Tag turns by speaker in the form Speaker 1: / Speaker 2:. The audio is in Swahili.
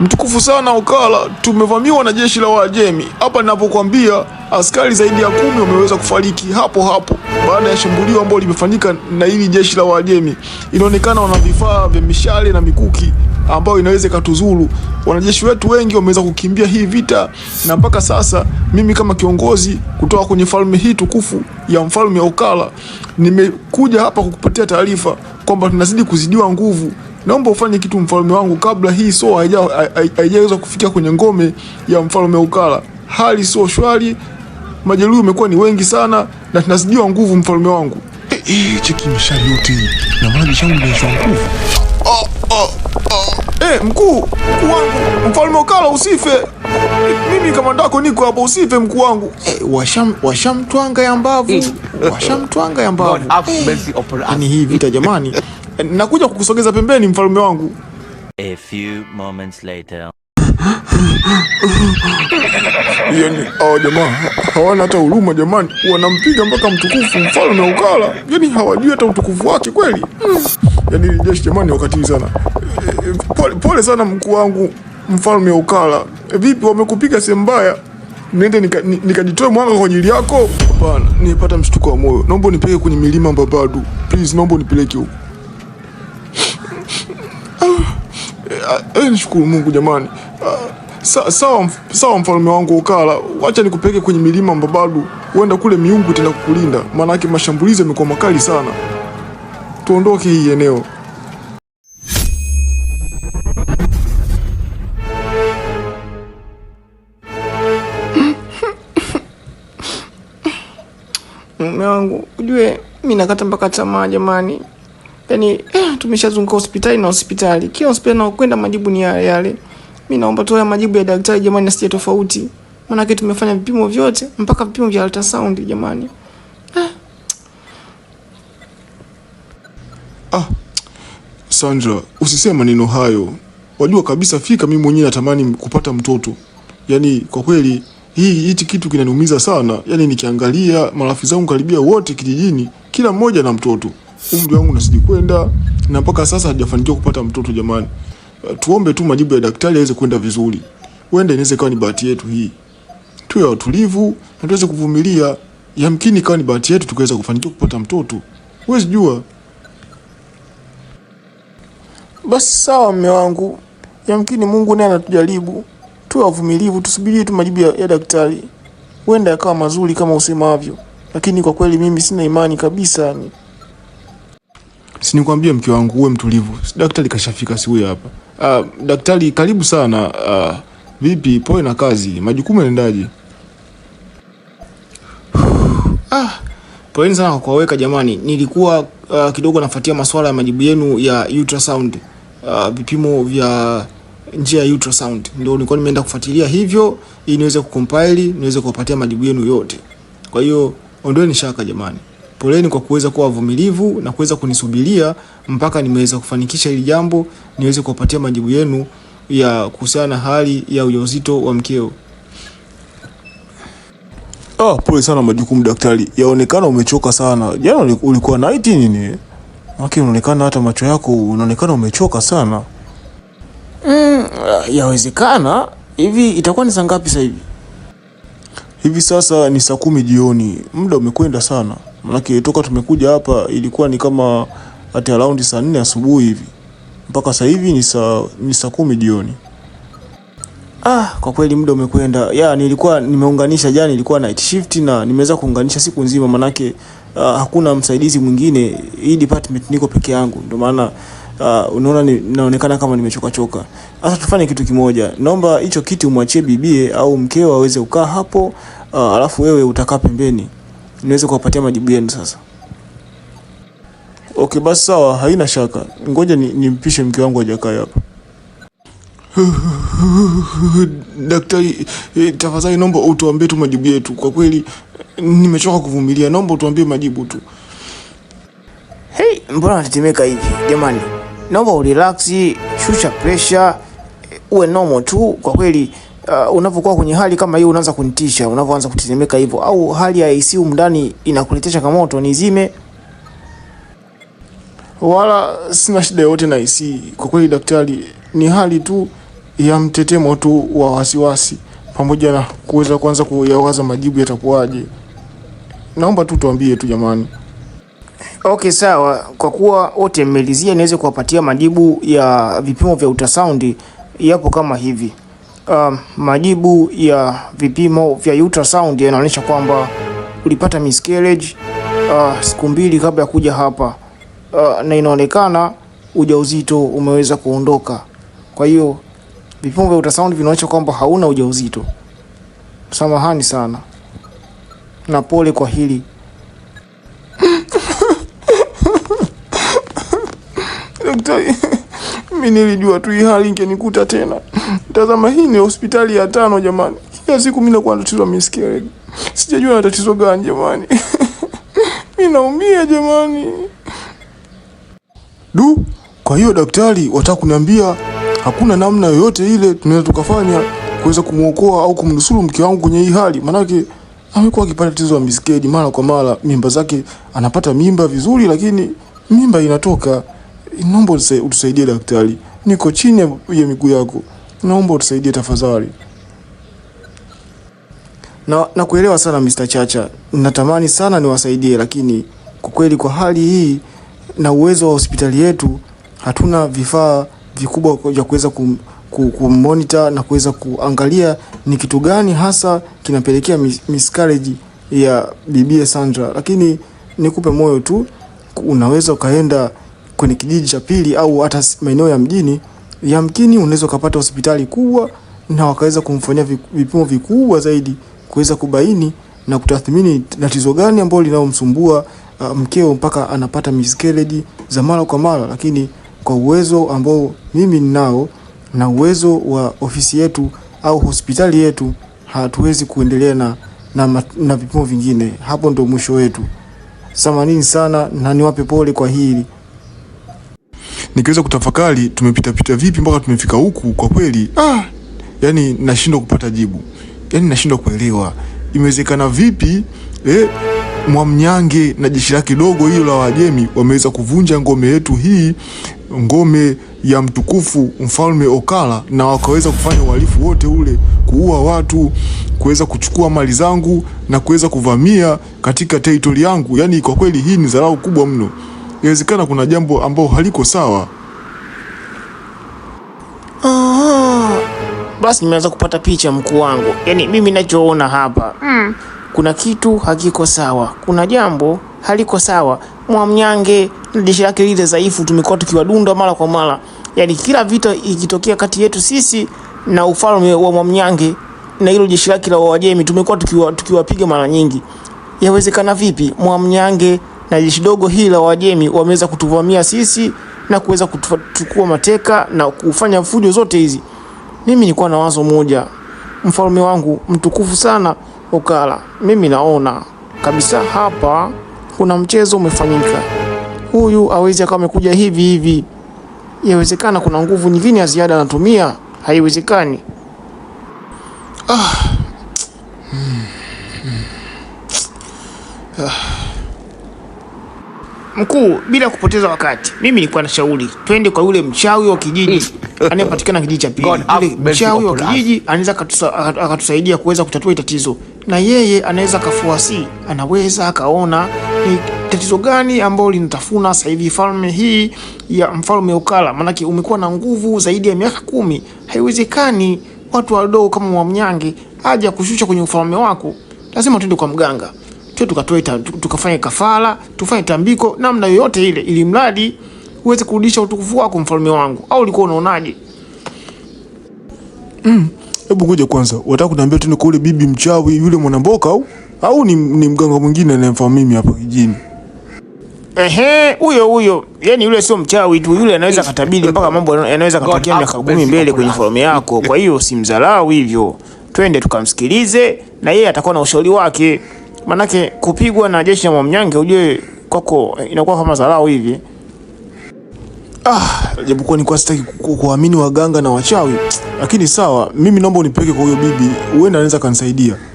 Speaker 1: mtukufu sana Okara, tumevamiwa na jeshi la Waajemi. Hapa ninapokuambia askari zaidi ya kumi wameweza kufariki hapo hapo baada ya shambulio ambalo limefanyika na hili jeshi la Waajemi. Inaonekana wana vifaa vya mishale na mikuki ambayo inaweza ikatuzuru. Wanajeshi wetu wengi wameweza kukimbia hii vita, na mpaka sasa mimi kama kiongozi kutoka kwenye falme hii tukufu ya mfalme Okara nimekuja hapa kukupatia taarifa kwamba tunazidi kuzidiwa nguvu naomba ufanye kitu mfalme wangu, kabla hii so haijaweza kufikia kwenye ngome ya mfalme Ukala. Hali sio shwari, majeruhi umekuwa ni wengi sana, na tunazijua nguvu, mfalme wangu.
Speaker 2: Eh, hey, eh, cheki mishari yote na maji changu imeisha nguvu.
Speaker 1: Oh, oh, oh. Eh, mkuu, mkuu wangu, mfalme Ukala usife. Mimi kama ndako niko hapo, usife mkuu wangu.
Speaker 2: Eh, washam washamtwanga ya mbavu. Eh. Washamtwanga ya mbavu.
Speaker 1: Ni hii vita jamani nakuja kukusogeza pembeni, mfalme wangu. A few moments later. Yani hawa oh, jamaa hawana hata huruma jamani, wanampiga mpaka mtukufu mfalme wa Ukala. Yani hawajui hata utukufu wake kweli. Yani ile jeshi jamani, wakati sana. Eh, eh, pole, pole sana mkuu wangu mfalme wa Ukara. Eh, vipi, wamekupiga sehemu mbaya? Niende nikajitoe nika mwanga kwa ajili yako? Hapana, nipata mshtuko wa moyo. Naomba nipeleke kwenye milima Mbabadu, please, naomba nipeleke huko. Ah, eh, nishukuru Mungu jamani. Ah, sawa, sawa mfalme wangu Okara, wacha nikupeke kwenye milima Mbabadu, uenda kule miungu tena kukulinda, maanake mashambulizi yamekuwa makali sana. Tuondoke hii eneo.
Speaker 3: Mume wangu, ujue mimi nakata mpaka tamaa jamani. Yaani eh, tumeshazunguka hospitali na hospitali. Kila hospitali na kwenda majibu ni yale yale. Mimi naomba tu haya majibu ya daktari jamani, asije tofauti. Maana tumefanya vipimo vyote mpaka vipimo vya ultrasound jamani. Eh.
Speaker 4: Ah. Sandra, usisema maneno hayo. Wajua kabisa fika mimi mwenyewe natamani kupata mtoto. Yaani kwa kweli hii hichi kitu kinaniumiza sana. Yaani nikiangalia marafiki zangu karibia wote kijijini, kila mmoja na mtoto umri wangu nasidi kwenda na mpaka sasa hajafanikiwa kupata mtoto jamani. Uh, tuombe tu majibu ya daktari yaweze kwenda vizuri. Wende inaweza ikawa ni bahati yetu hii. Tuwe watulivu na tuweze kuvumilia. Yamkini ikawa ni bahati yetu tukaweza kufanikiwa kupata mtoto. Huwezi jua.
Speaker 3: Basi sawa, mme wangu. Yamkini Mungu naye anatujaribu. Tuwe wavumilivu, tusubirie tu majibu ya, ya daktari. Huenda yakawa mazuri kama usemavyo. Lakini kwa kweli mimi sina imani kabisa ni. Yaani
Speaker 4: sinikwambia mke wangu uwe mtulivu. daktari kashafika siku hii hapa. Uh, daktari karibu sana. Uh, vipi poe na kazi? Majukumu yanaendaje?
Speaker 5: Ah, poeni sana kwa jamani. Nilikuwa uh, kidogo nafuatia masuala ya majibu yenu ya ultrasound. Uh, vipimo vya njia ya ultrasound ndio nilikuwa nimeenda kufuatilia hivyo ili niweze kucompile niweze kuwapatia majibu yenu yote. Kwa hiyo ondoeni shaka jamani. Poleni kwa kuweza kuwa wavumilivu na kuweza kunisubiria mpaka nimeweza kufanikisha hili jambo, niweze kuwapatia majibu yenu ya kuhusiana na hali ya ujauzito wa mkeo.
Speaker 4: Ah, pole sana majukumu daktari, yaonekana umechoka sana. Jana ulikuwa night nini? Maki, unaonekana hata macho yako unaonekana umechoka sana.
Speaker 3: Mm, yawezekana hivi. Itakuwa ni saa ngapi sasa hivi?
Speaker 4: Hivi sasa ni saa kumi jioni. Muda umekwenda sana. Maanake toka tumekuja hapa ilikuwa ni kama at around saa nne asubuhi hivi mpaka sasa hivi ni saa ni saa kumi jioni.
Speaker 5: Ah, kwa kweli muda umekwenda. Ya, nilikuwa nimeunganisha jana, ilikuwa night shift na nimeweza kuunganisha siku nzima, manake uh, hakuna msaidizi mwingine. Hii department niko peke yangu, ndio maana uh, unaona ni, naonekana kama nimechoka choka. Sasa tufanye kitu kimoja, naomba hicho kiti umwachie bibie au mkeo aweze kukaa hapo, uh, alafu wewe utakaa pembeni niweze kuwapatia majibu yenu sasa.
Speaker 4: Okay, basi sawa, haina shaka. Ngoja nimpishe ni mke wangu ajakae hapa.
Speaker 1: Daktari, eh, tafadhali naomba utuambie tu majibu yetu. Kwa kweli nimechoka kuvumilia, naomba utuambie majibu tu.
Speaker 3: Hey, mbona natetemeka hivi jamani? Naomba urelax, shusha pressure, uwe normal tu kwa kweli uh, unapokuwa kwenye hali kama hiyo unaanza kunitisha, unapoanza kutetemeka hivyo, au hali ya AC humu ndani inakuletea kamoto, nizime.
Speaker 4: Wala sina shida yote na AC kwa kweli daktari, ni hali tu ya mtetemo tu wa wasiwasi pamoja na kuweza kuanza kuyawaza majibu yatakuwaje. Naomba tu tuambie tu jamani.
Speaker 5: Okay, sawa. Kwa kuwa wote mmelizia, niweze kuwapatia majibu ya vipimo vya ultrasound, yapo kama hivi um, majibu ya vipimo vya ultrasound yanaonyesha kwamba ulipata miscarriage uh, siku mbili kabla ya kuja hapa uh, na inaonekana ujauzito umeweza kuondoka. Kwa hiyo vipimo vya ultrasound vinaonyesha kwamba hauna ujauzito. Samahani sana na pole kwa hili.
Speaker 1: Daktari mimi nilijua tu hii hali ingenikuta tena. Tazama, hii ni hospitali ya tano jamani. Kila siku mimi nakuwa na tatizo la miscarriage. Sijajua na tatizo gani jamani. Mimi naumia jamani.
Speaker 4: Du, kwa hiyo daktari, wataka kuniambia hakuna namna yoyote ile tunaweza tukafanya kuweza kumuokoa au kumnusuru mke wangu kwenye hii hali? Maanake amekuwa akipata tatizo la miscarriage mara kwa mara, mimba zake anapata mimba vizuri, lakini mimba inatoka naomba utusaidie daktari, niko chini ya miguu yako, naomba utusaidie tafadhali.
Speaker 5: Na kuelewa sana Mr. Chacha, natamani sana niwasaidie, lakini kwa kweli kwa hali hii na uwezo wa hospitali yetu hatuna vifaa vikubwa vya kuweza kum, kumonita na kuweza kuangalia ni kitu gani hasa kinapelekea miscarriage ya bibie Sandra, lakini nikupe moyo tu, unaweza ukaenda kwenye kijiji cha pili au hata maeneo ya mjini, yamkini unaweza ukapata hospitali kubwa na wakaweza kumfanyia vipimo vikubwa zaidi kuweza kubaini na kutathmini tatizo gani ambalo linalomsumbua uh, mkeo mpaka anapata miscarriage za mara kwa mara. Lakini kwa uwezo ambao mimi ninao na uwezo wa ofisi yetu au hospitali yetu, hatuwezi kuendelea na, na, na vipimo vingine. Hapo ndo mwisho wetu. Samanini sana na niwape pole kwa hili
Speaker 4: nikiweza kutafakari tumepitapita vipi mpaka tumefika huku, kwa kweli ah, yani nashindwa kupata jibu, yani nashindwa kuelewa imewezekana vipi eh, Mwamnyange na jeshi lake dogo hilo la Wajemi wameweza kuvunja ngome yetu hii, ngome ya mtukufu mfalme Okala na wakaweza kufanya uhalifu wote ule, kuua watu, kuweza kuchukua mali zangu na kuweza kuvamia katika territory yangu. Yani kwa kweli hii ni dharau kubwa mno. Inawezekana kuna jambo ambao haliko sawa.
Speaker 3: Aha. Basi nimeanza kupata picha mkuu wangu, yaani mimi ninachoona hapa mm. kuna kitu hakiko sawa, kuna jambo haliko sawa. Mwamnyange na jeshi lake lile dhaifu, tumekuwa tukiwadunda mara kwa mara, yaani kila vita ikitokea kati yetu sisi na ufalme wa Mwamnyange na hilo jeshi lake la Wajemi, tumekuwa tukiwapiga tukiwa mara nyingi. Yawezekana vipi Mwamnyange na jeshi dogo hili la Wajemi wameweza kutuvamia sisi na kuweza kuchukua mateka na kufanya fujo zote hizi. Mimi nilikuwa na wazo moja, mfalme wangu mtukufu sana Okara, mimi naona kabisa hapa kuna mchezo umefanyika. Huyu awezi akawa amekuja hivi hivi, yawezekana kuna nguvu nyingine ya ziada anatumia. Haiwezekani. Ah. Hmm. Hmm. Ah. Mkuu, bila kupoteza wakati, mimi nilikuwa na shauri twende kwa yule mchawi wa kijiji anayepatikana kijiji cha pili. Mchawi wa kijiji anaweza akatusaidia kuweza kutatua tatizo, na yeye anaweza kafuasi, anaweza akaona ni tatizo gani ambalo linatafuna sasa hivi falme hii ya mfalme Ukala, maanake umekuwa na nguvu zaidi ya miaka kumi. Haiwezekani watu wadogo kama Mwamnyange aje kushusha kwenye ufalme wako, lazima tuende kwa mganga tu tukatoe tukafanya kafara tufanye tambiko namna yoyote ile, ili mradi uweze kurudisha utukufu wako mfalme wangu. Au ulikuwa unaonaje?
Speaker 4: Mm, hebu kuja kwanza, wataka kuniambia tena kwa yule bibi mchawi yule mwanamboka au au ni, ni mganga mwingine anayemfahamu mimi hapa kijini?
Speaker 3: Ehe, huyo huyo, yani yule sio mchawi tu, yule anaweza katabili mpaka mambo yanaweza katokea miaka kumi mbele kwenye falme yako. Kwa hiyo simzalau hivyo, twende tukamsikilize na yeye atakuwa na ushauri wake. Manake kupigwa na jeshi la mwamnyange ujue kwako inakuwa kama dharau hivi.
Speaker 4: Ah, japokuwa nilikuwa sitaki kuamini waganga na wachawi, lakini sawa, mimi naomba unipeleke kwa huyo bibi, uenda anaweza kanisaidia.